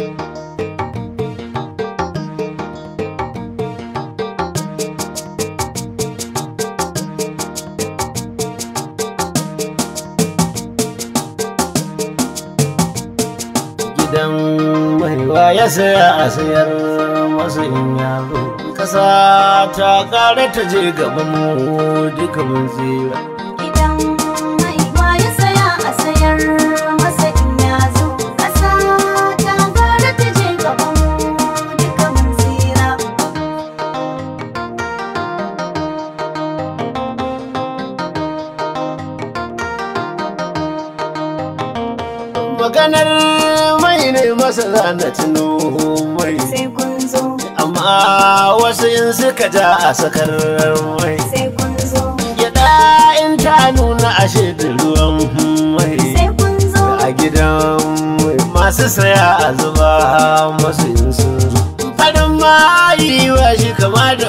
Gidan ya saya a sayar masu in yaro ƙasa ta ƙara ta je gaban mu duka mun tsira maganar mai ne masa zana mai sai amma wasu yin suka ja a sakar mai sai kun gyaɗa in ta nuna ashe da ruwan mai sai a gidan masu saya a zuba masu yin sun zo farin yi wa shi kama da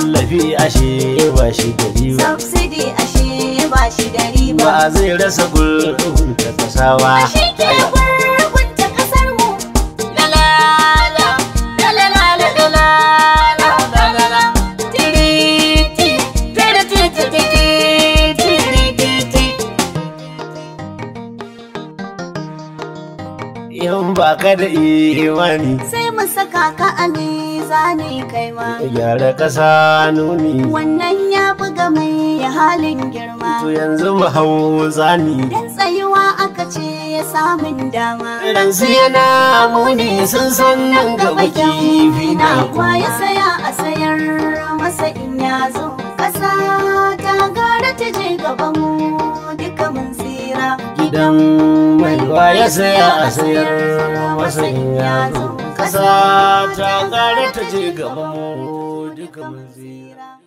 tallafi ashe ba shi da ba subsidy ashe ba shi da riba ba zai rasa gurbin kasawa ashe ke ka da imani sai mu saka ka a mizani kai ma gyara kasa nuni wannan ya buga mai halin girma to yanzu mu hau zani dan tsayuwa aka ce ya samun dama su yana muni sun san nan gaba baki fina. kwa ya saya a sayar masa in ya zo kasa ta gara ta je gaban mu duka mun tsira gidan wa ya saya a sayar masa in yazo kasa ta kare ta je gaba mu duka mun zira